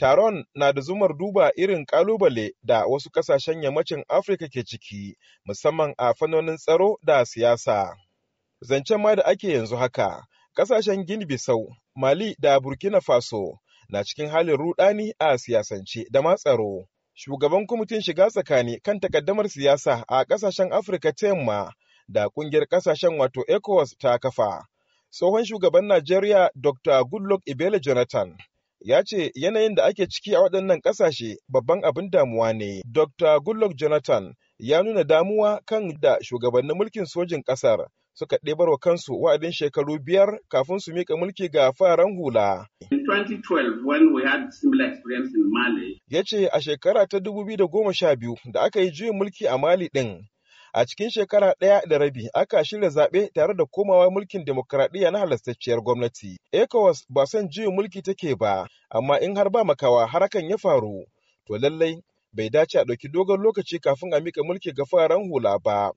Taron na da zumar duba irin ƙalubale da wasu ƙasashen Yammacin Afirka ke ciki, musamman a fannonin tsaro da siyasa. Zancen ma da ake yanzu haka, ƙasashen gini bissau Mali da Burkina Faso na cikin halin rudani a siyasance da ma tsaro. Shugaban kwamitin shiga tsakani kan takaddamar siyasa a ƙasashen Afirka ta yamma da ƙungiyar ƙasashen wato ECOWAS ta kafa. Tsohon shugaban Najeriya Dr. Goodluck Ibele Jonathan ya ce yanayin da ake ciki a waɗannan ƙasashe babban abin damuwa ne. Dr. Goodluck Jonathan ya nuna damuwa kan da shugabannin mulkin sojin ƙasar suka ɗebarwa kansu wa'adin shekaru biyar kafin su mika mulki ga fararen hula. Ya ce a shekara ta 2012 da aka yi juyin mulki a Mali ɗin, A cikin shekara ɗaya da rabi aka shirya zaɓe tare da komawa mulkin demokuraɗiyya na halastacciyar gwamnati. ECOWAS ba son juyin mulki take ba, amma in har ba makawa har hakan ya faru. To lallai bai dace a ɗauki dogon lokaci kafin a mika mulki ga fararen hula ba.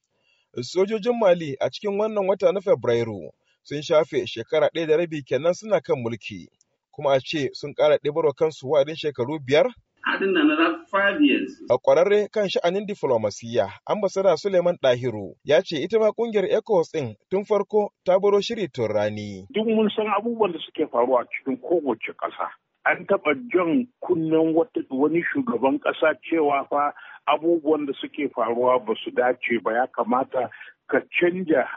Sojojin Mali a cikin wannan wata na Fabrairu sun shafe shekara ɗaya da rabi kenan suna kan mulki, kuma a ce sun ƙara ɗibarwa kansu wa'adin shekaru biyar A kwararre kan sha'anin diflomasiyya, ambasada Suleiman Dahiru ya ce ita ma kungiyar ECOWAS din tun farko ta baro shiri tun rani. Duk mun san abubuwan da suke faruwa cikin kowace ƙasa. An taɓa jan kunnen wani shugaban ƙasa cewa fa abubuwan da suke faruwa ba su dace ba ya kamata ka canja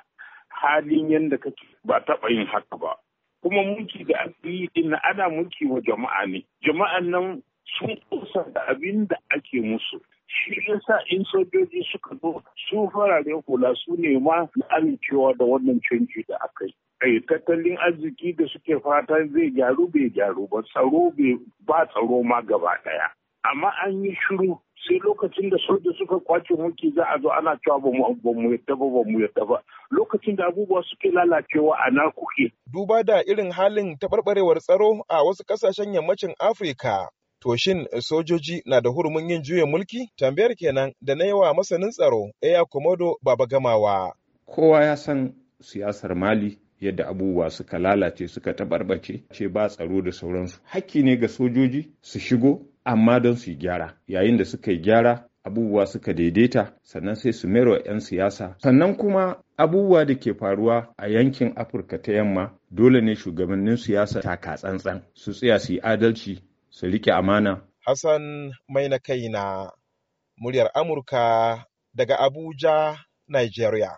halin yadda kake ba taɓa yin haka ba. Kuma mulki da ake yi ana mulki wa jama'a ne. Jama'an nan sun kusa da abin da ake musu shi yasa in sojoji suka zo su fararen hula su ne na amincewa da wannan canji da aka yi ai tattalin arziki da suke fata zai gyaru bai gyaru ba tsaro bai ba tsaro ma gaba daya amma an yi shiru sai lokacin da soja suka kwace mulki za a zo ana cewa ba mu yadda ba mu yadda ba lokacin da abubuwa suke lalacewa a na kuke. Duba da irin halin taɓarɓarewar tsaro a wasu ƙasashen yammacin Afirka To shin sojoji na da hurumin yin juya mulki? Tambayar kenan da na yawa wa masanin tsaro Eya Komodo Baba Gamawa. Kowa ya san siyasar Mali yadda abubuwa suka lalace suka tabarbace ce ba tsaro da sauransu. Hakki ne ga sojoji su shigo amma don su yi gyara. Yayin da suka yi gyara abubuwa suka daidaita sannan sai su mero 'yan siyasa sannan kuma abubuwa da ke faruwa a yankin afirka ta yamma dole ne shugabannin siyasa ta tsantsan su tsaya su yi adalci su rike amana. Hassan mai na kai na muryar Amurka daga Abuja, Nigeria.